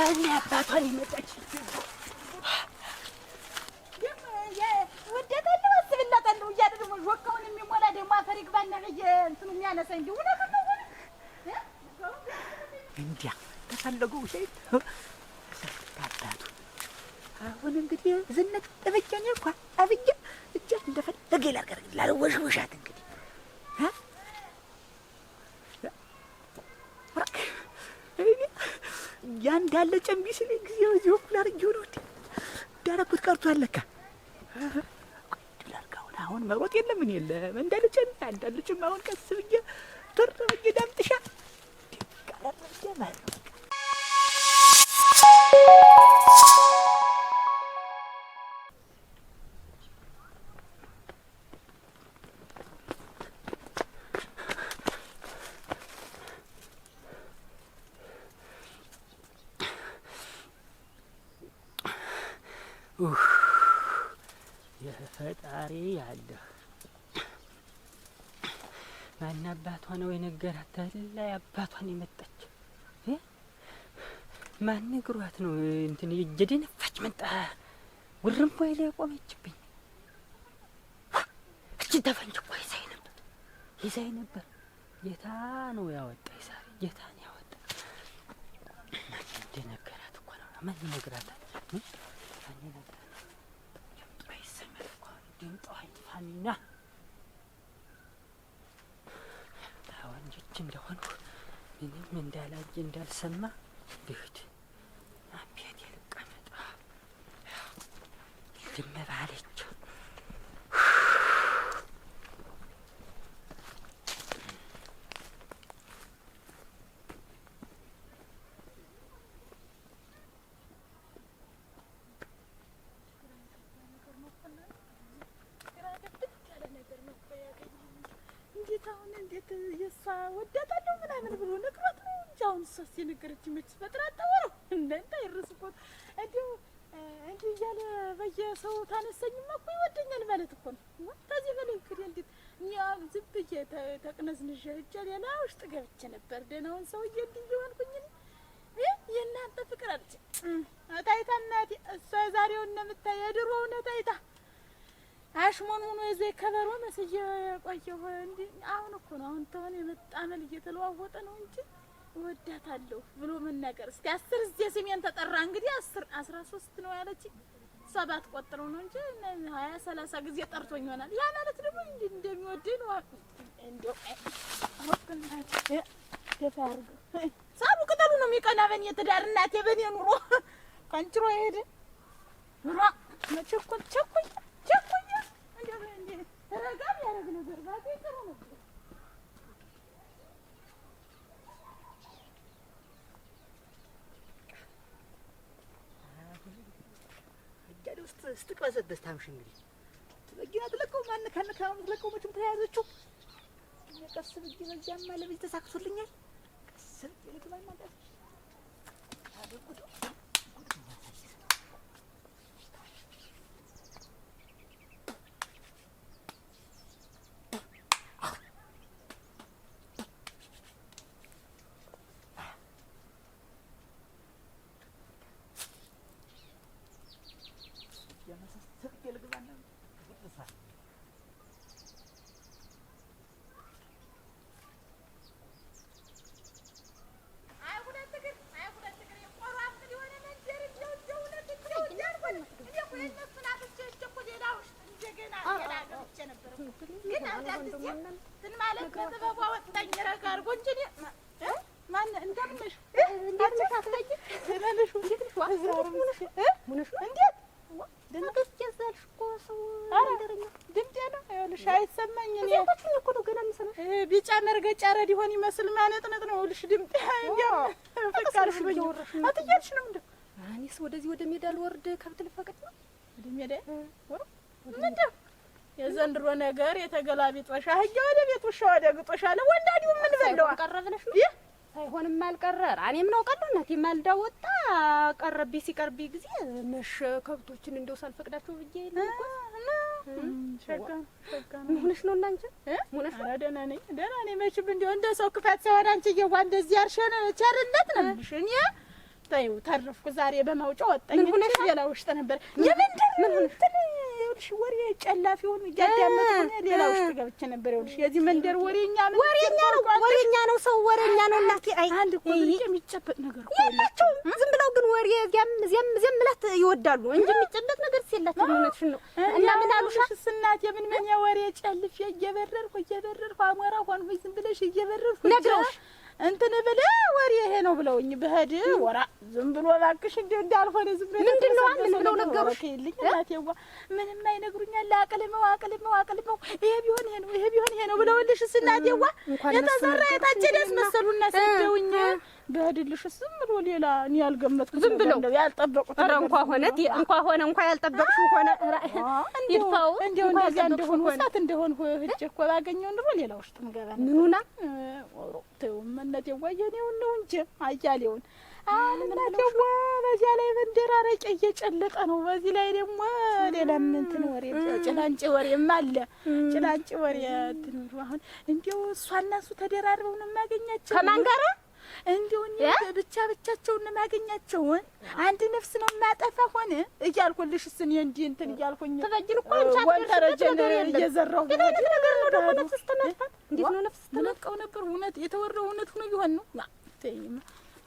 አባቷን የመጣች ወደታለሁ አስብላታለሁ እያለ ደግሞ ወካውን የሚሞላ ደግሞ አፈር ይግባና እንትኑ የሚያነሳ እንጂ እውነት ነው። እንዲያ ተፈለገው ሸይት አባቱ አሁን እንግዲህ ዝነት ጠበጃኔ እኳ አብያ እጃት እንደፈለገ ይላርገር ላለ ወሽውሻት እንግዲህ ያ እንዳለ ጨምቢ ስለ ጊዜ እዚሁ ኩላር እየሆነ ወዲ እንዳረኩት ቀርቶ አለካ ላርጋ አሁን አሁን መሮጥ የለም የለም እንዳለ ጨምቢ እንዳለ ጭም አሁን ቀስ ብዬ ቶር ብዬ ዳምጥሻ ቀረረ ማለት ነው የፈጣሪ ያለ ማን አባቷ ነው የነገራት? ተላ አባቷን የመጣች ማን ነግሯት ነው እንትን እየደነፋች መጣ ውርም ቦይ ላይ ቆመችብኝ። እቺ ተፈንጭ እኮ ይዛይ ነበር ይዛይ ነበር። ጌታ ነው ያወጣ ይሳር ጌታ ነው ያወጣ። ማን ነገራት እኮ ነው? ማን ነግራታል? ድምጠዋይጥፋኒና ወንጆች እንደሆኑ ምንም እንዳላየ እንዳልሰማ ልሂድ አቤት የልቀመጣ ድመባለች እንደምታይ የድሮ እውነት አይታ አሽሞን ሙኑ የዘ የከበሮ መስዬ ቆየሁ። እንዲ አሁን እኮ ነው አሁን ተሆነ የመጣ መል እየተለዋወጠ ነው እንጂ እወዳታለሁ ብሎ መናገር እስኪ አስር ጊዜ ስሜን ተጠራ። እንግዲህ አስር አስራ ሶስት ነው ያለች ሰባት ቆጥረው ነው እንጂ ሀያ ሰላሳ ጊዜ ጠርቶኝ ይሆናል። ያ ማለት ደግሞ እንዲ እንደሚወደኝ ነው። እንደው ሳቡ ቅጠሉ ነው የሚቀና በኔ ትዳር እናቴ በኔ ኑሮ ቀንጭሮ ይሄድ ስትቅበዘበዝ ታምሽ እንግዲህ በጊና ትለቀው ማን ትለቀው መቼም ተያያዘችው። ቀስ ብዬ በዚያማ ለቤት ተሳክቶልኛል። ቀስ ብዬ ልግባ ማጣት አደጉዶ እንዴት ደንገት ቢጫ መርገጫ ረድ ይሆን ይመስል ማነጥነጥ ነው። ይኸውልሽ ድምጤ ፍቃልሽ አትያልሽ ነው እንደ እኔስ ወደዚህ ወደ ሜዳ ልወርድ ከብት ልፈቅድ ነው ወደ ሜዳ ምንድን የዘንድሮ ነገር የተገላቢጦሻ ህያ ወደ ቤት ውሻ ወደ ግጦሻ አለ ምን በለዋ ቀረብነሽ ነው ሳይሆንም አልቀረ እኔም ነው ቀሎነት የማልዳ ወጣ ቀረብኝ። ሲቀርብኝ ጊዜ መሸ። ከብቶችን እንደው ሳልፈቅዳቸው ብዬ ሆነሽ ነው እናንቺ ሆነሽ ነው። ደህና ነኝ ደህና ነኝ። መቼም እንዲሁ እንደ ሰው ክፋት ሳይሆን አንቺ እየዋ እንደዚህ ያርሸን ቸርነት ነው የምልሽ እኔ ተይው ተረፍኩ። ዛሬ በማውጫ ወጣኝ። ሌላ ውሽጥ ነበር የምንድን ምን ሆነሽ ይኸውልሽ ወሬ ጨላፊ ሆን እያዳመጥኩ ሌላ ውስጥ ገብቼ ነበር። ይኸውልሽ የዚህ መንደር ወሬኛ ነው፣ ወሬኛ ነው፣ ወሬኛ ነው፣ ሰው ወሬኛ ነው። እናቴ አይ አንድ እኮ የሚጨበጥ ነገር እኮ የላቸውም። ዝም ብለው ግን ወሬ እዚያም እዚያም እዚያም ብላት ይወዳሉ እንጂ የሚጨበጥ ነገር የላቸው። እውነትሽን ነው። እና ምን አሉሽ እናቴ? የምን ምን የወሬ ጨልፌ እየበረርኩ እየበረርኩ አሞራ ሆንኩኝ። ዝም ብለሽ እየበረርኩ ነግረውሽ እንትን ብለህ ወሬ ይሄ ነው ብለውኝ ብሄድ ወራ ዝም ብሎ እባክሽ እንደው እንዳልሆነ ዝም ብለህ ምንድን ነው ምን ብለው ነገሩሽ? እናቴዋ ምንም አይነግሩኛል። አቅልመው አቅልመው አቅልመው ይሄ ቢሆን ይሄ ነው ይሄ ቢሆን ይሄ ነው ብለውልሽ እናቴዋ የተዘራ የታጨደስ ያስመሰሉና ሰደውኝ በድልሽ ዝም ብሎ ሌላ እኔ ያልገመትኩት ዝም ብሎ ያልጠበቁት ኧረ እንኳ ሆነ እንኳ ሆነ እንኳ ያልጠበቅሽው ሆነ ይድፋው እንደው እንደዚያ እንደሆን ውሳት እንደሆን ህጅ እኮ ባገኘው ኑሮ ሌላ ውስጥ እንገባ ምኑና ተው መነት የዋየኔውን ነው እንጂ አያሌውን አምናቴዋ በዚያ ላይ መንደር አረቄ እየጨለጠ ነው። በዚህ ላይ ደግሞ ሌላ እንትን ወሬ ጭላንጭ ወሬም አለ። ጭላንጭ ወሬ አሁን እንዲያው እሷና እሱ ተደራርበው ነው የማገኛቸው ከማን ጋር እንዲሁ ብቻ ብቻቸውን ማገኛቸውን አንድ ነፍስ ነው የማጠፋ ሆነ እያልኩልሽ ስን እንዲህ እንትን እያልኩኝ ተበጅል እኮ ወንተረጀን እየዘራሁ ግን ነገር ነው ደግሞ ነፍስ ስተመጥፋት እንዴት ነው ነፍስ ተነቀው ነበር እውነት የተወራው እውነት ሆኖ ቢሆን ነው ማ ተይማ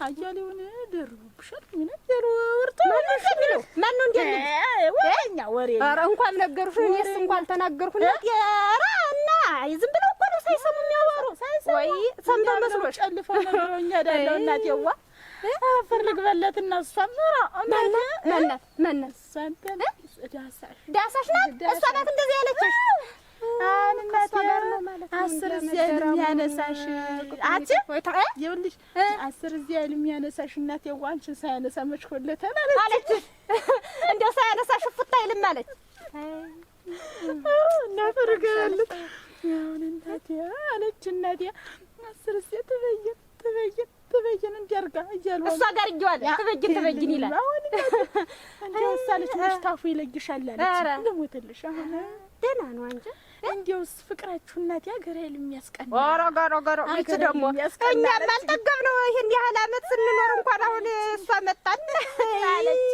አያሌውን ደርቡብሻል። ምን ደርወርታ ማንሽ ነው ማን ነው እንዴ? ወሬኛ ወሬ። ኧረ እንኳን ነገርሽ እኔስ እንኳን ተናገርኩ ነው። ኧረ እና ዝም ብለው እኮ ነው ሳይሰሙ የሚያወሩ ሳይሰሙ ወይ ሰምተው መስሎሽ ጨልፎ ነገሮኛ ዳለው እናት የዋ ፈልግ በለት እና እሷም ማናት ማናት ማናት ዳሳሽ ናት። እሷ ናት እንደዚህ ያለችሽ አስር እዚያ የሚያነሳሽ አንቺ ይኸውልሽ፣ አስር እዚያ የሚያነሳሽ እናት ያው ሳያነሳ መች ኮለተ አለች። እንደው ሳያነሳሽ እፉት አይልም አለች እና ፈርጋለች። አሁን እናቴ አለች እናቴ አስር እዚያ ትበይን ትበይን ትበይን እንዲህ እያሉ እሷ ጋር እየዋለ ትበይን ትበይን ይላል። አሁን እንዲያው እሷ አለች መች ታፉ ይለግሻል አለች። ልሞትልሽ አሁን ደህና ነው አንቺ እንዲያውስ ፍቅራችሁ እናቴ ሀገር ኃይል የሚያስቀና ጋሮ ጋሮ ኦሮጋ ደግሞ እኛም አልጠገብ ነው። ይሄን ያህል አመት ስንኖር እንኳን አሁን እሷ መጣን አለች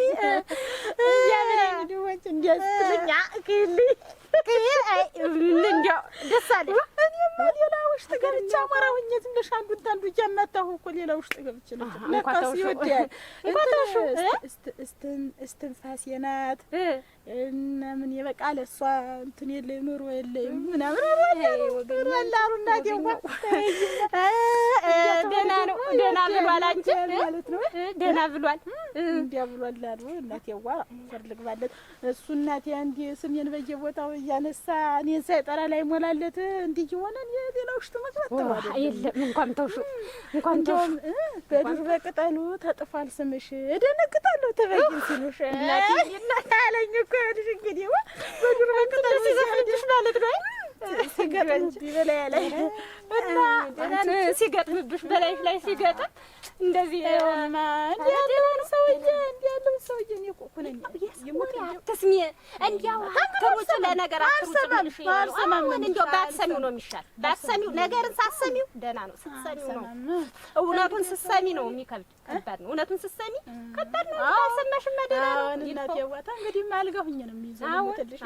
እንዲያው ደስ አለ። እኔማ ሌላ ውሽጥ ገብቼ ትንሽ እኮ ሌላ ውሽጥ ገብቼ እስትንፋሴ ናት ምናምን የበቃ ለእሷ እንትን የለኝ ኑሮ የለኝ ምናምን ወላሩ እናቴ ደህና ነው ደህና ብሏል። አንቺ ደህና ብሏል እንዲያ ብሏል ላሉ እናቴዋ ፈልግ ባለት እሱ እናቴ አንድ ስሜን በየቦታው እያነሳ እኔን ሳይጠራ ላይ ሞላለት እንዲህ እየሆነ ሌላ ውሽጡ መግባት የለም እንኳን ተውሹ እንኳን በዱር በቅጠሉ ተጥፏል ስምሽ እደነግጣለሁ ሲሉሽ እናቴ አለኝ እኮ ይኸውልሽ እንግዲህ በዱር በቅጠል ሲዘፍንልሽ ማለት ነው። ሲገጥምብሽ በላይ ላይ እና ሲገጥምብሽ በላይ ላይ ሲገጥም እንደዚህ ሰውዬ እንዲህ ሰውዬ እኔ እኮ እኮ ነኝ ተስሜ እንዲያው አትሩጭ፣ ለነገር አትሩጭ። ምን እንዲያው ባትሰሚው ነው የሚሻል። ባትሰሚው ነገርን ሳትሰሚው ደህና ነው። ስትሰሚው ነው እውነቱን ስትሰሚ ነው የሚከብድ። ከባድ ነው እውነቱን ስትሰሚ ከባድ ነው። አልሰማሽማ ደህና ነው። እናቴ ዋታ እንግዲህ ማልገሁኝ ነው የሚይዘው ትልሽ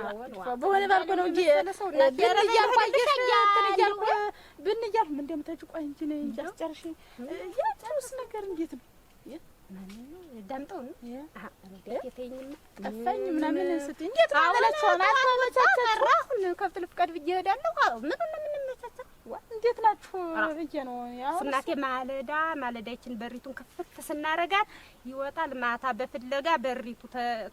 በሆነ ባልኩ ነው እንጂ ብን እያልኩ አየሽ እንትን እያልኩ ብን እያልኩ እንደምታውቂው እንጂ ነይ እንጂ አስጨርሽኝ። ያ ነገር እንዴት ነው ዳምጠው ነው ጠፋኝ ምናምን ስትይ እንዴት ማለዳ ማለዳችን በሪቱን ክፍት ስናረጋት ይወጣል። ማታ በፍለጋ በሪቱ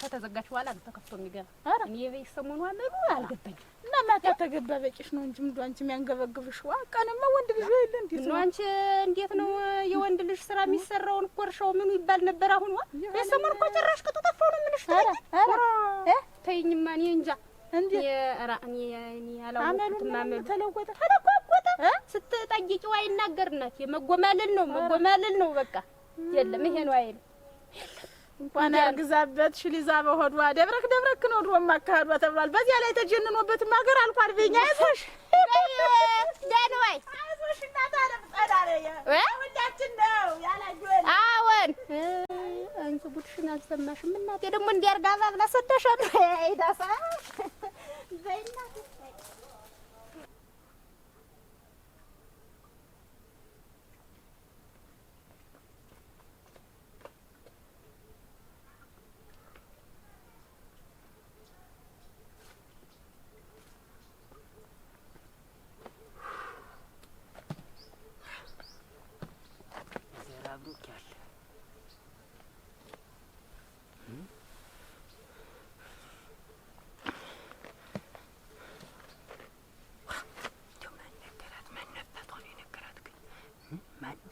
ከተዘጋች በኋላ ነው ተከፍቶ የሚገባ። እኔ የቤት ሰሞኑን ሙሉ አልገባኝም እና ማታ ተገባ በቂሽ ነው እንጂ ምንድን አንቺ የሚያንገበግብሽ ቀንማ ወንድ ልጅ የለ እንዴት ነው አንቺ እንዴት ነው የወንድ ልጅ ስራ የሚሰራውን እኮ እርሻው ምኑ ይባል ነበር አሁን ዋ የሰሞን እኮ ጭራሽ ቅጡ ጠፋው ነው የምልሽ ኧረ ተይኝማ እኔ እንጃ እንዴ ኧረ እኔ እኔ አላወኩትም አመሉ ነው መጎማለል ነው በቃ የለም ይሄ ነው አይልም እንኳን ያርግዛበት ሽሊዛ በሆዷ ደብረክ ደብረክ ነው ድሮ አካሄዷ ተብሏል። በዚያ ላይ ተጀንኖበትም ሀገር አልኳል። ቤኛ አይዞሽ ደንወይ አዎን አንቺ ቡድሽን አልሰማሽም እናቴ ደግሞ እንዲያርጋዛ ብላ ሰደሻል ይዳሳ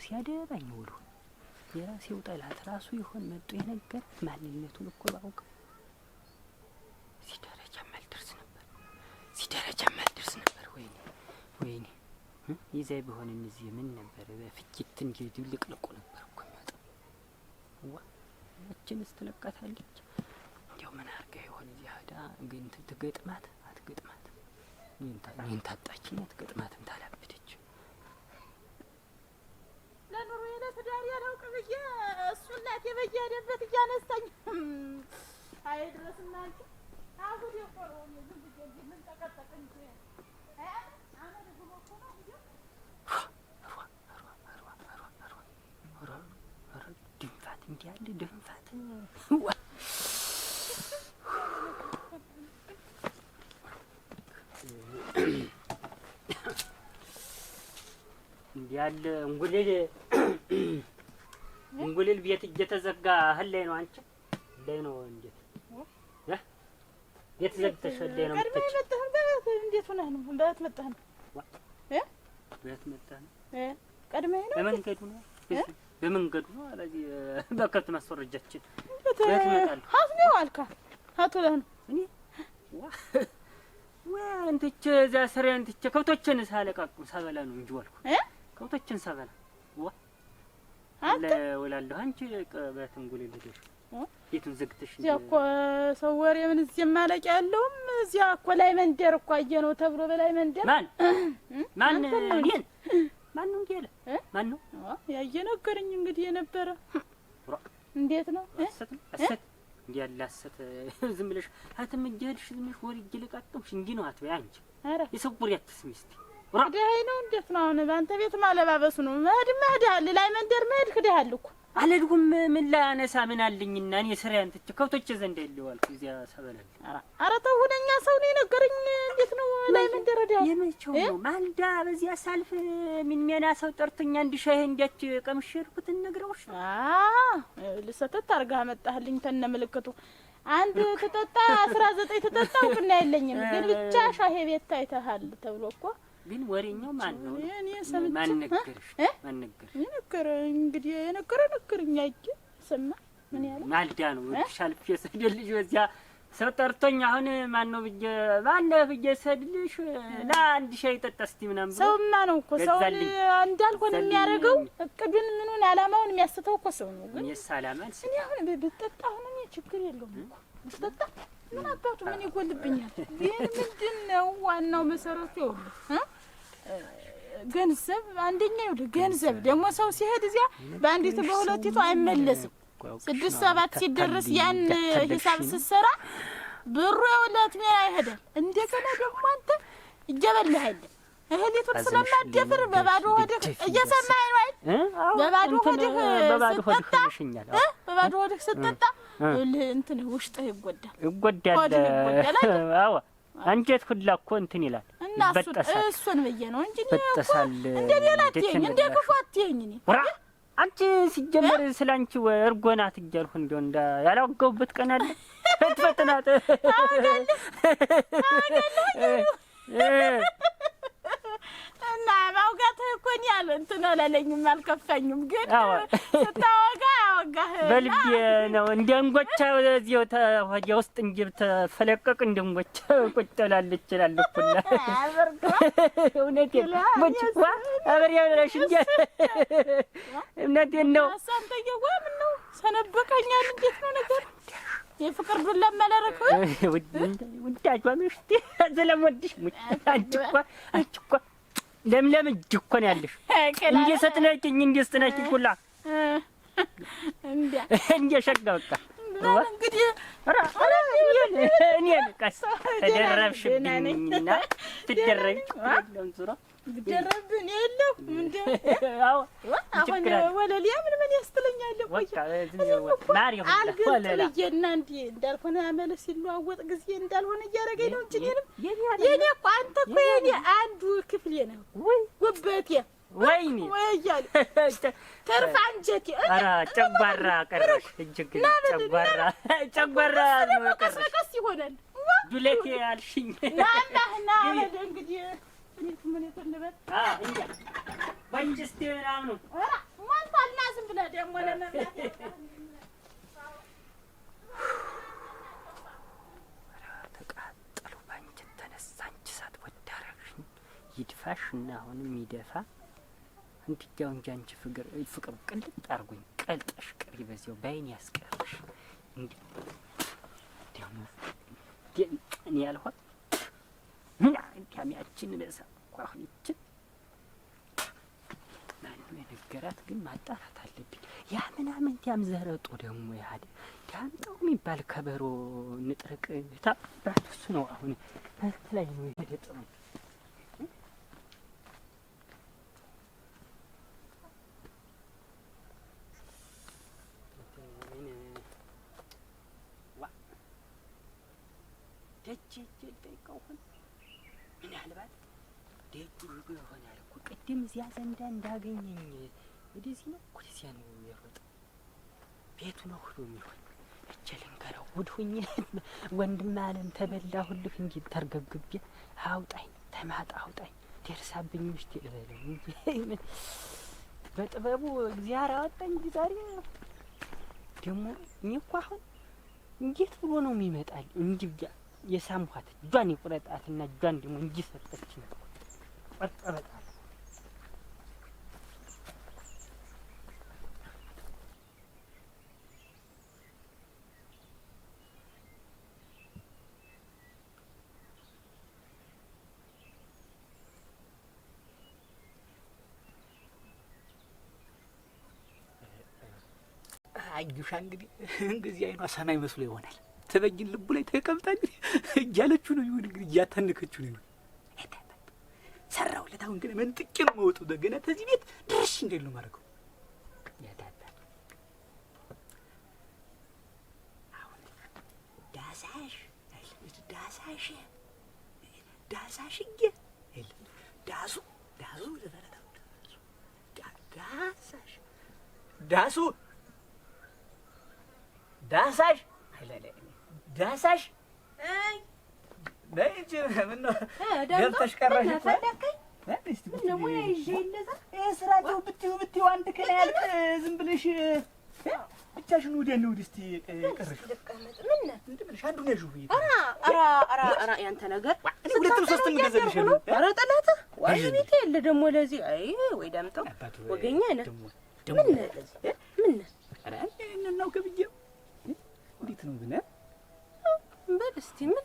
ሲያደባኝ ውሎ የራሴው ጠላት ራሱ ይሆን መጡ የነገር ማንነቱን እኮ ባውቅ እዚህ ደረጃ ማልደርስ ነበር፣ እዚህ ደረጃ ማልደርስ ነበር። ወይኔ ወይኔ፣ ይዛ ቢሆን እነዚህ ምን ነበር በፍጅት እንዲህ ድብልቅልቁ ነበር እኮ የሚወጣው። ዋ ያችን ስትለቃታለች እንዲያው ምን አርጋ ይሆን እዚህ ሄዳ ግን ትገጥማት አትገጥማት፣ ይህን ታጣችን አትገጥማትም ታላቅ ዛሬ አላውቅ ብዬ እሱ እናቴ በየሄደበት እያነሳኝ አይ ድረስ እናንቺ አሁን የቆሮ ዝም ብዬ ምን ጠቀጠቅ እንጂ አመድ ድንፋት እንዲያለ ። እንጉልል ድንጉልል ቤት እየተዘጋ እህል ላይ ነው። አንቺ ላይ ነው እንዴት ቤት ዘግተሽ ላይ ነው የምትች? እንዴት ሆነህ ነው? በእህት መጣህ ነው? በእህት መጣህ ነው? ቀድመህ ነው? በመንገዱ ነው በመንገዱ ነው። አለዚህ በከብት ማስወረጃችን በእህት መጣለሁ። ሀፍ ነው አልካ ሀቱ ለህ ነው እኔ ዋ እንትቼ እዚያ ስሬ እንትቼ ከብቶችን ሳለቃቁ ሳበላ ነው እንጂ ዋልኩ ከብቶችን ሳበላ ዋ ለወላለሁ አንቺ ቀበትን ጉልል ሄደሽ ቤቱን ዘግተሽ እዚያ እኮ ሰው ወሬ ምን እዚህ ማለቂያ ያለውም እዚያ እኮ ላይ መንደር እኮ አየ ነው ተብሎ በላይ መንደር ማን ማን እኔን ማን ነው እንዲህ ማን ነው ያየ ነገረኝ። እንግዲህ የነበረ እንዴት ነው ሐሰት ነው ሐሰት ያለ ሐሰት ዝም ብለሽ አትም እየሄድሽ ዝም ብለሽ ወሬ እየለቃቀምሽ እንዲህ ነው አትበይ አንቺ። ኧረ የሰው ወሬ አትስሚ እስኪ ደኸኝ ነው እንዴት ነው አሁን? በአንተ ቤት ማለባበሱ ነው መሄድ መሄድሃል። ላይ መንደር መሄድ ክደሃል እኮ አልሄድኩም። ምን ላነሳ ምን አለኝና እኔ ስራ ትቼ ከብቶቼ ዘንድ ያለዋልኩ እዚያ ሰበለል። ኧረ ተው ሁነኛ ሰው ነው የነገረኝ። እንዴት ነው ላይ መንደር ሄደሃል? የመቼው ነው ማልዳ በዚያ ሳልፍ ሚንሜና ሰው ጠርቶኛ እንዲሻይህ እንዲያች ቀምሼ ሄድኩትን ነግረውሽ ልሰተት አርጋ መጣህልኝ ተነ ምልክቱ አንድ ትጠጣ አስራ ዘጠኝ ትጠጣ እውቅና የለኝም ግን ብቻ ሻሄ ቤት ታይተሃል ተብሎ እኮ ግን ወሬኛው ማን ነው? እኔ ሰምቼ ማን ነገርሽ? ማን ነገርሽ? የነገረ እንግዲህ የነገረ ነገርኛ እጅ ሰማ ምን ያለ ማልዳ ነው ሻልፍ የሰደልሽ በዚያ ሰው ጠርቶኝ አሁን ማን ነው ብዬ ነው ብዬ ሰድልሽ አንድ ሻይ ጠጣ እስቲ ምናምን ብሎ ሰውማ ነው እኮ ሰው እንዳልሆነ የሚያደርገው እቅዱን ምኑን አላማውን የሚያስተው እኮ ሰው ነው። ግን እኔስ አላማ እኔ አሁን ብጠጣ አሁን እኔ ችግር የለውም እኮ ብጠጣ ምን አባቱ ምን ይጎልብኛል? ግን ምንድን ነው ዋናው መሰረቱ ይኸውልህ ገንዘብ አንደኛ ይኸውልህ፣ ገንዘብ ደግሞ ሰው ሲሄድ እዚያ በአንዲቱ በሁለቲቱ አይመለስም። ስድስት ሰባት ሲደርስ ያን ሂሳብ ስትሰራ ብሩ የውለት ሜራ ይሄዳል። እንደገና ደግሞ አንተ እጀበልሃለን እህሊቱን ስለማደፍር በባዶ ሆድህ እየሰማኸኝ ነው በባዶ ሆድህ ስጠጣ በባዶ ሆድህ ስጠጣ እንትን ውሽጥህ ይጎዳል፣ ይጎዳል። አንጀት ሁላ እኮ እንትን ይላል እና እሱን ብዬ ነው እንጂ እንደ ሌላ አትይኝ፣ እንደ ክፉ አትይኝ። ውራ አንቺ ሲጀመር ስለ አንቺ እርጎ ናት እያልኩ እንዲያው ያላወጋሁበት ቀን አለ። ትፈጥናት እና ማውጋትህ እኮ እኔ አለ እንትን አላለኝም አልከፋኝም፣ ግን ስታወጋ ያወጋህ በልቤ ነው። እንደ እንጎቻ ወደዚህ ውስጥ እንጂ ብትፈለቀቅ እንደ እንጎቻ ቁጭ እውነቴን ሞች እኮ አብሬ ብለሽ እንጂ እውነቴን ነው። እሷም ጠየዋ ምነው ሰነበቀኛል እንዴት ነው ነገር የፍቅር ዱላ መለረክ ውዳጇ ምሽት ስለምወድሽ አንቺ እኮ አንቺ እኮ ለምለም እጅ እኮ ነው ያለሽ። እንደ ሰጥነችኝ እንደ ስጥነችኝ ሁላ እንደ ሸጋ በቃ እንግዲህ እኔ ልቀስ ተደረብሽብኝና ትደረቢ ዙሮ ብደረብን የለሁ እንደ አሁን ወለሊያ ምን ምን ያስትለኛል። አልገብጥልዬ እና እንዲ እንዳልሆነ አመለ ሲለዋወጥ ጊዜ እንዳልሆነ እያደረገኝ ነው እንጂ እኔንም የኔ እኮ አንተ እኮ የኔ አንዱ ክፍሌ ነው ጉበቴ ወይኔ ወያል ተርፋ አንጀቴ ጨጓራ ቀረሽ እጅግ ጨጓራ ጨጓራ ቀስ በቀስ ይሆናል ዱለቴ አልሽኝ ናላህ ና እንግዲህ ተቃጠሉ በአንቺን ተነሳ አንቺ ሳትወድ አደረግሽኝ። ይድፋሽ እና አሁንም ይደፋ እንድያው እንጂ አንቺ ፍቅሩ ቅልጥ አድርጎኝ ቀልጠሽ ቅሪ በዚያው በአይን ያስቀርሽ እንዲ ደግሞ ያልኋት ያን ካሚያችን ኳሁንችን ማንም የነገራት ግን ማጣራት አለብኝ። ያ ምናምን ያም ዘረጡ ደግሞ ያህል ዳምጠው የሚባል ከበሮ ንጥርቅ ታባቱ እሱ ነው። አሁን ላይ ነው የደጠመው በዚያ ዘንዳ እንዳገኘኝ ወደዚህ ነው ወደዚያ ነው የሚሮጥ፣ ቤቱ ነው ሁሉ የሚሆን። እጀ ልንገረው ውድ ሁኜ ወንድም አለም ተበላሁልህ እንጂ ተርገብግቤ አውጣኝ ተማጣ አውጣኝ ደርሳብኝ ውስጥ ይልበለው በጥበቡ እግዚአብሔር አወጣኝ። እንጂ ዛሬ ደግሞ እኔ እኮ አሁን እንዴት ብሎ ነው የሚመጣል? እንጂ የሳምኋት እጇን የቁረጣትና እጇን ደግሞ እንጂ ሰጠች ነው ቆርጠ አዩሻ እንግዲህ እንግዲህ አይኗ ሰማይ መስሎ ይሆናል። ተበጅን ልቡ ላይ ተቀምጣ እንግዲህ እያለችው ነው ይሁን እንግዲህ እያታንከችው ነው ይሁን ሰራሁለት። አሁን ግን መንጥቄ ነው መወጡ በገና ተዚህ ቤት ድርሽ እንዴት ነው ማድረገው? ዳሳሽ ዳሳሽ ዳሳሽዬ ዳሱ ዳሱ ዳሳሽ ዳሱ ዳሳሽ ዳሳሽ በይ እንጂ ምነው ገብተሽ ቀረሽ እኮ ስራው ብትይው ብትይው አንድ ቀን ያልቅ ዝም ብለሽ ብቻሽን ወዲያ ነው ወዲህ እስኪ ቀረሽ ያንተ ነገር ሁለትም ሦስትም ገዘልሽ ኧረ ጠላትህ ወይ ቤት የለ ደግሞ ለዚህ አይ ወይ ዳምጠው ወገኛ ነህ ምነህ ምነህ እናውቅ ብዬሽ ነው ብለን በል እስቲ ምን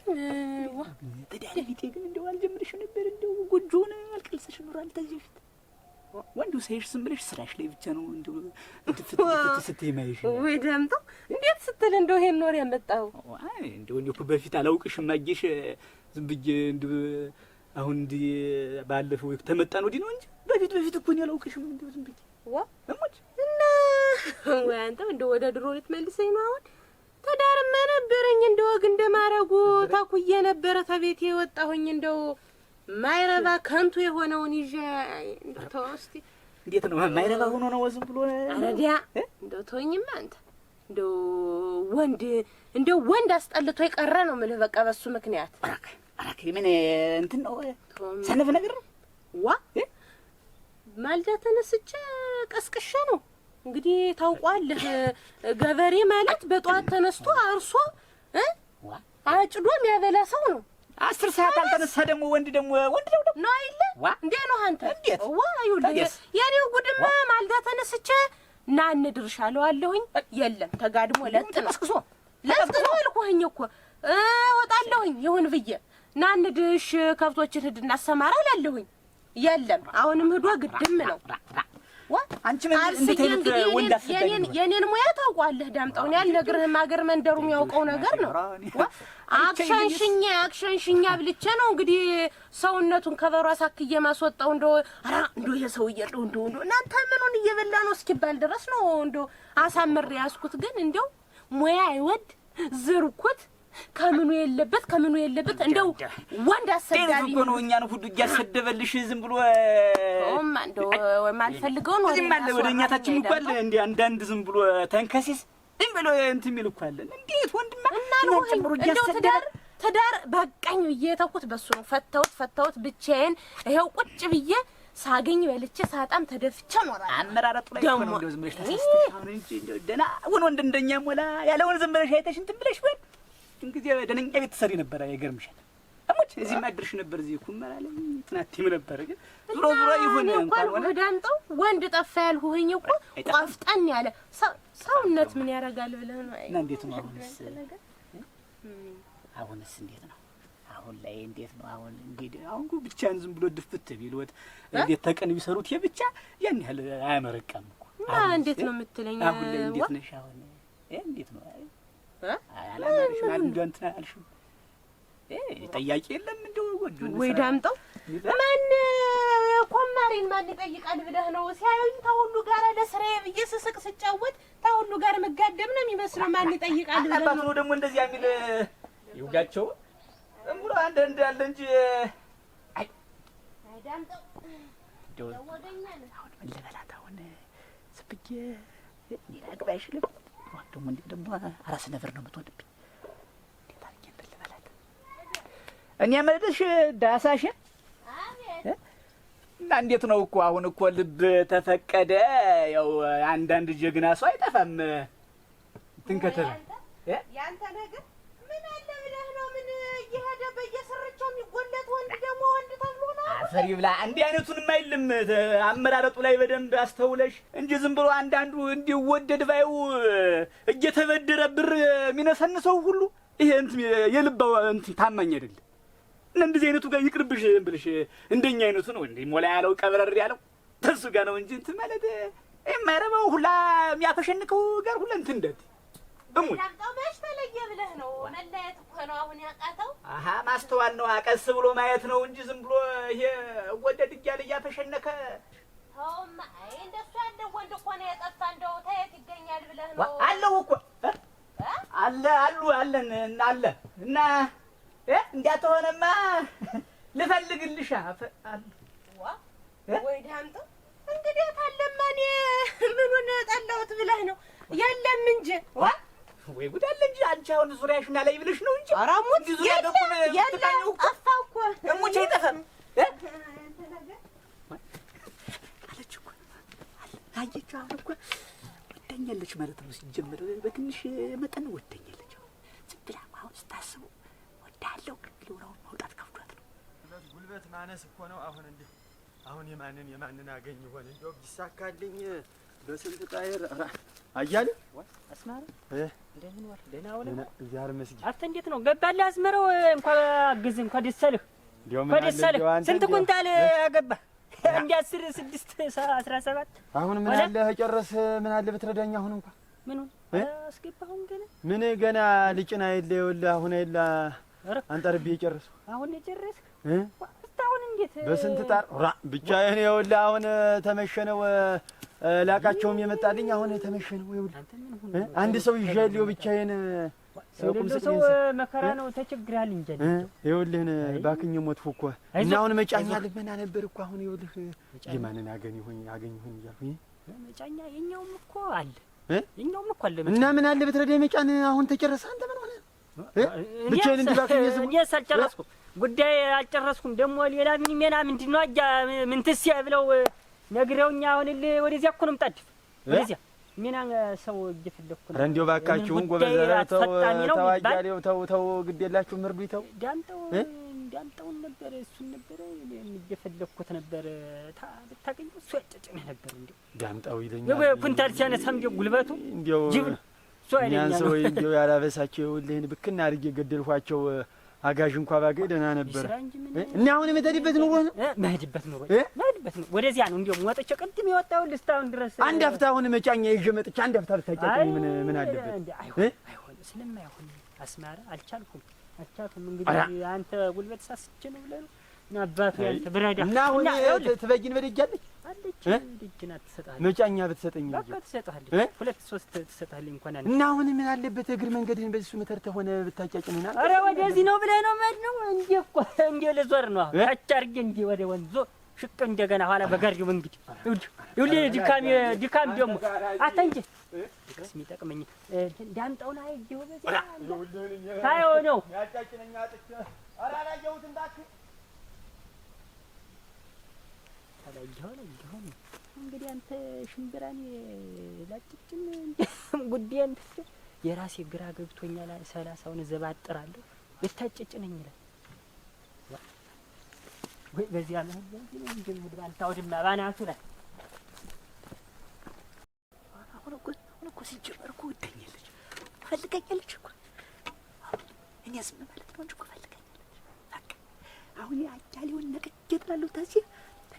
ዋ ታዲያ ግን እንደው አልጀምርሽ ነበር እንደው ጎጆውን አልቀልሰሽ ኖራል ተዚህ በፊት ወንዱ ሳይሽ ዝም ብለሽ ስራሽ ላይ ብቻ ነው እንደው ስትይ ወይ ደምጦ እንዴት ስትል እንደው ይሄን ኖር ያመጣው አይ እንደው እኔ እኮ በፊት አላውቅሽም ማጌሽ ዝም ብዬ እንደው አሁን እንዲህ ባለፈው ተመጣን ወዲህ ነው እንጂ በፊት በፊት እኮ እኔ አላውቅሽም እንደው ዝም ብዬ ዋ እሞች እና ወይ አንተም እንደው ወደ ድሮ ልትመልሰኝ ነው አሁን ትዳርማ መነበረኝ እንደ ወግ እንደ ማረጉ ተኩዬ ነበረ ተቤቴ የወጣሁኝ እንደው ማይረባ ከንቱ የሆነውን ይዤ ተው እስኪ። እንዴት ነው ማይረባ ሆኖ ነው ዝም ብሎ ረዲያ? እንደው ተወኝማ አንተ እንደው ወንድ እንደው ወንድ አስጠልቶ የቀረ ነው የምልህ። በቃ በሱ ምክንያት አራክ ምን እንትን ነው ሰነፍ ነገር ነው ዋ ማልዳ ተነስቼ ቀስቅሼ ነው እንግዲህ ታውቋለህ፣ ገበሬ ማለት በጠዋት ተነስቶ አርሶ አጭዶ የሚያበላ ሰው ነው። አስር ሰዓት አልተነሳ ደግሞ ወንድ ደግሞ ወንድ ደግሞ ነው አይለ እንዴ ነው አንተ እንዴት ዋ ይሁን የኔው ጉድማ ማልዳ ተነስቼ ና እንድርሻ አለዋለሁኝ። የለም ተጋድሞ ለጥቅሶ ለጥቅሶ ተስክሶ አልኩህኝ እኮ እወጣለሁኝ ይሁን ብዬ ና እንድሽ ከብቶችን ሂድ እናሰማራ አላለሁኝ። የለም አሁንም ሂዷ ግድም ነው የኔን ሙያ ታውቋለህ ዳምጠው። እኔ አልነግርህም፣ አገር መንደሩ የሚያውቀው ነገር ነው። አክሸንሽኛ አክሸንሽኛ ብልቼ ነው እንግዲህ ሰውነቱን ከበሮ አሳክዬ ማስወጣው። እንደው ኧረ እናንተ ምኑን እየበላ ነው እስኪባል ድረስ ነው እንደው አሳምሬ ያዝኩት። ግን እንደው ሙያ አይወድ ዝርኩት ከምኑ የለበት ከምኑ የለበት እንደው ወንድ አሰዳቢ እኮ ነው። እኛን ሁሉ እያሰደበልሽ ዝም ብሎ እንደው የማንፈልገውን እዚህም አለ ወደ እኛ ታችም እኮ አለ እንደ አንዳንድ ዝም ብሎ ተንከሲስ ዝም ብሎ እንት የሚል እኮ አለ። እንዴት ወንድማ እናነው ጨምሮ እያሰደበ ትዳር በቃኝ ብዬ የተውኩት በሱ ነው። ፈተውት ፈተውት ብቻዬን ይኸው ቁጭ ብዬ ሳገኝ በልቼ ሳጣም ተደፍቼ እኖራለሁ። አመራረጡ ላይ ነው እንደው ዝም ብለሽ ታስተስተሽ አሁን እንጂ ደና ደህና ወንድ እንደኛ ሞላ ያለውን ዝም ብለሽ አይተሽ እንትን ብለሽ ወን ረጅም ጊዜ ደነኛ ቤት ትሰሪ ነበረ። ይገርምሻል። አሞች እዚህ ማድርሽ ነበር። እዚህ ኩመራ ላይ ትናትም ነበር። ግን ዙሮ ዙሮ ይሁን እንኳን ወደ ዳምጠው ወንድ ጠፋ ያልሁኝ እኮ ቆፍጠን ያለ ሰውነት ምን ያደርጋል ብለህ ነው። እና እንዴት ነው አሁንስ? አሁንስ እንዴት ነው? አሁን ላይ እንዴት ነው? አሁን እንግዲህ አሁን ብቻን ዝም ብሎ ድፍት ቢልወት እንዴት ተቀን ቢሰሩት የብቻ ያን ያህል አያመረቀም እኮ። እንዴት ነው የምትለኝ? አሁን ላይ እንዴት ነሽ? አሁን እንዴት ነው አላማርሽም አሉ እንዲያው እንትን አልሽም። ጠያቂ የለም እንደው ጎጆ ወይ ዳምጠው ማን ኮማሪን ማን ይጠይቃል ብለህ ነው? ሲያዩኝ ተሁሉ ጋር ለስራዬ ብዬ ስስቅ ስጫወት ተሁሉ ጋር መጋደም ነው የሚመስለው። ማን ይጠይቃል ብለህ ነው? ደግሞ እንደዚያ የሚል ይውጋቸው እምሩ አንድ አንድ አለ እንጂ አይ ዳምጠው እንደው ነው አሁን ምን ልበላት አሁን ስብዬ ሊላግባ አይችልም ደግሞ እንዴት ደግሞ አራስ ነብር ነው የምትሆንብኝ። እንዴት አድርጌ እንትን ልበላት? እኔ የምልሽ ዳሳሽ እና እንዴት ነው እኮ አሁን እኮ ልብ ተፈቀደ። ያው አንዳንድ ጀግና ሰው አይጠፋም። ትንከተል ያንተ ነገር ፈሪ ብላ እንዲህ አይነቱን አይልም። አመራረጡ ላይ በደንብ አስተውለሽ እንጂ ዝም ብሎ አንዳንዱ እንዲወደድ ባዩ እየተበደረ ብር የሚነሰንሰው ሁሉ ይሄ የልባው እንትን ታማኝ አይደለም። እና እንደዚህ አይነቱ ጋር ይቅርብሽ ብልሽ እንደኛ አይነቱ ነው እንዴ ሞላ ያለው ቀብረር ያለው ተሱ ጋር ነው እንጂ እንትን ማለት የማይረባው ሁላ የሚያፈሸንቀው ጋር ሁለ እንትን እንደት እሙኝ ዳምጣው መች ተለየ ብለህ ነው? መለየት እኮ ነው አሁን ያቃተው። አሀ ማስተዋል ነው ቀስ ብሎ ማየት ነው እንጂ ዝም ብሎ ይሄ ወደድ እያለ እያፈሸነከ ተውማ። አይ እንደሱ ያለ ወንድ እኮ ነው የጠፋ። እንደው ተየት ይገኛል ብለህ ነው? አለው እኮ አለ አሉ አለን አለ እና እንዲያ ተሆነማ ልፈልግልሽ ወይ ዳምጠው እንግዲህ ታለማ እኔ ምኑን ጠላሁት ብለህ ነው? የለም እንጂ ወይ ጉድ አለ እንጂ አንቺ አሁን ዙሪያሽን አላይ ብለሽ ነው እንጂ ኧረ ሙት ዙሪያ በኩል ትቃኘው እኮ ጠፋው እኮ እሙቼ አይጠፋም አለች እኮ አየችው። አሁን እኮ ወዳኛለች ማለት ነው። ሲጀመር በትንሽ መጠን ወዳኛለች። አሁን ዝም ብላ አሁን ስታስቡ ወዳለው ሊሆን ማውጣት ከብዷት ነው። ጉልበት ማነስ እኮ ነው አሁን እንደ አሁን የማንን የማንን አገኝ ይሆን እንደው ቢሳካልኝ በስንት ጣይር አያሌ አስማረ እንደምን ዋልክ? ደህና ዋልክ? እግዚአብሔር ይመስገን። አንተ እንዴት ነው ገባልህ? አስመረው እንኳን አግዝህ እንኳን ደስ አለህ፣ እንኳን ደስ አለህ። ስንት ኩንታል አገባህ? እንደ አስር ስድስት አስራ ሰባት አሁን ምን አለ ጨረስ። ምን አለ ብትረዳኝ አሁን እንኳን ምን አስገባሁን? ገና ምን ገና ልጭና የለ ይኸውልህ፣ አሁን የለ አንጠርቤ ጨርሱ። አሁን የጨረስክ እስካሁን እንዴት በስንት ጣር ብቻ ይሄን ይኸውልህ፣ አሁን ተመሸነው ላቃቸውም የመጣልኝ አሁን የተመሸ ነው። ይኸውልህ አንድ ሰው ይዣልየው ብቻዬን ሰው መከራ ነው። ተቸግራል እንጂ ይኸውልህን ባክኝ ሞትኩ እኮ እና አሁን መጫኛ ልመና ነበር እኮ አሁን ይኸውልህ የማንን አገኝ ይሁን አገኝ ይሁን እያልኩኝ መጫኛ የኛውም እኮ አለ የኛውም እኮ አለ እና ምን አለ ብትረዳ መጫን አሁን ተጨረሰ። አንተ ምን ሆነ ብቻዬን እንዲህ ባክኝ ዝም እኔ አልጨረስኩም ጉዳይ አልጨረስኩም። ደግሞ ሌላ ምን ምንድን ነው አጃ ምንትስ ብለው ነግረውኛ አሁንልህ ወደዚያ እኮ ነው የምጣድፍ ወደዚያ ሚና ሰው እየፈለኩ ነው። እንዲያው ባካችሁን ጎበዝ ተው ተዋያሌው ተው ተው ግድ የላችሁም እርዱኝ። ተው ዳምጠው ዳምጠውን ነበረ እሱን ነበረ እየፈለኩት ነበረ ብታገኙ እሱ ያጨጭነ ነበር። እንዲያው ዳምጠው ይለኛል ኩንታል ሲያነሳ እንዲያው ጉልበቱ እንዲያው እኛን ሰው እንዲያው ያላበሳቸው ይኸውልህን ብክና አድርጌ ገደልኋቸው። አጋዥ እንኳ ባገኝ ደህና ነበረ እና አሁን የምትሄድበት ኑሮ ነው የምሄድበት ኑሮ ያለበት ነው። ወደዚያ ነው። እንዲሁም ወጥቼ ቅድም የወጣው ልስታውን ድረስ አንድ አፍታ አሁን መጫኛ ይዤ መጥቼ አንድ አፍታ ብታጫጫኝ ምን ምን አለበት? አይሆን ስለማይሆን አስማራ አልቻልኩም፣ አልቻልኩም። እንግዲህ አንተ ጉልበት ሳስቼ ነው ብለህ ነው እና አባቱ ያንተ ብረዳ እና አሁን ትበይን በደጃለች አለች ልጅ ናት። ትሰጥሀለች መጫኛ ብትሰጠኝ በቃ ሁለት ሶስት ትሰጥሀለች እንኳን አለ እና አሁን ምን አለበት እግር መንገድህን በዚህ መተር ተሆነ ብታጫጭን ኧረ ወደዚህ ነው ብለህ ነው መሄድ ነው እንጂ እኮ እንዲ ልዞር ነው ታች አድርጌ እንጂ ወደ ወንዞ ሽቅ እንደገና ኋላ በጋርጆ እንግዲህ ይሁን ዲካም ዲካም ደግሞ አታ እንጂ የሚጠቅመኝ ዳምጣውን አይ ዲው ታየው ነው እንግዲህ አንተ ሽምብራን ላጭጭም ጉዳይ የራሴ ግራ ገብቶኛል። ሰላሳውን ዘባጥራለሁ ልታጭጭነኝ ይላል ወይ በዚህ አለ እንግዲህ ምድር አንተ አውድማ ባናቱ ላይ አሁን እኮ አሁን እኮ ሲጀመር እኮ ወደኛለች ፈልገኛለች እኮ እኔ ዝም ማለት ነው እንጂ እኮ ፈልገኛለች። በቃ አሁን አያሌውን ነቅጄ እጥላለሁ። ታዚህ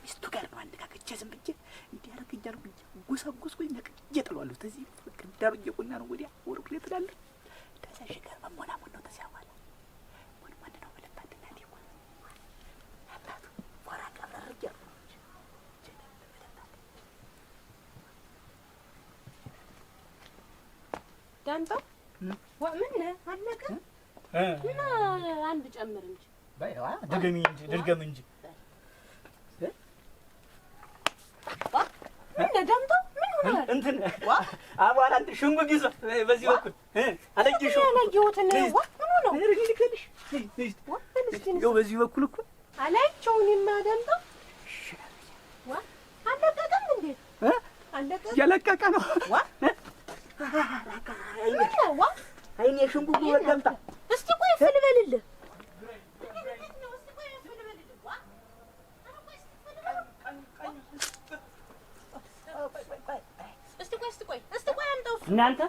ሚስቱ ጋር ነው አነጋግቼ ዝም ብዬ እንዲያደርግ እያልኩ ጎሳጎስኩኝ ነቅጄ እጥላለሁ። ታዚህ በቃ እንዳሩ እየቆና ነው ወዲያ ወርቁ ላይ እጥላለሁ። ታዛሽ ጋር መሞላሙን ነው ታዚያ ዳንጣ ወምን አለቀ። ምን አንድ ጨምር እንጂ በይዋ ድገሚ እንጂ ድርገም እንጂ ዳምጣ ምን ሆነሃል? እንትን አቧራ እንትን ሽንጉግ ይዞ በዚህ በኩል አለየሽው አላየሁትን ዋ ምን ሆነው ይኸው በዚህ በኩል እኮ አላየቸው እኔማ ዳምጣ አለቀቀም እንዴ? አለቀቀ እያለቀቀ ነው አይኔ ሽንጉጉ ወደምጣ እስቲ ቆይ ፍልበልልህ እናንተ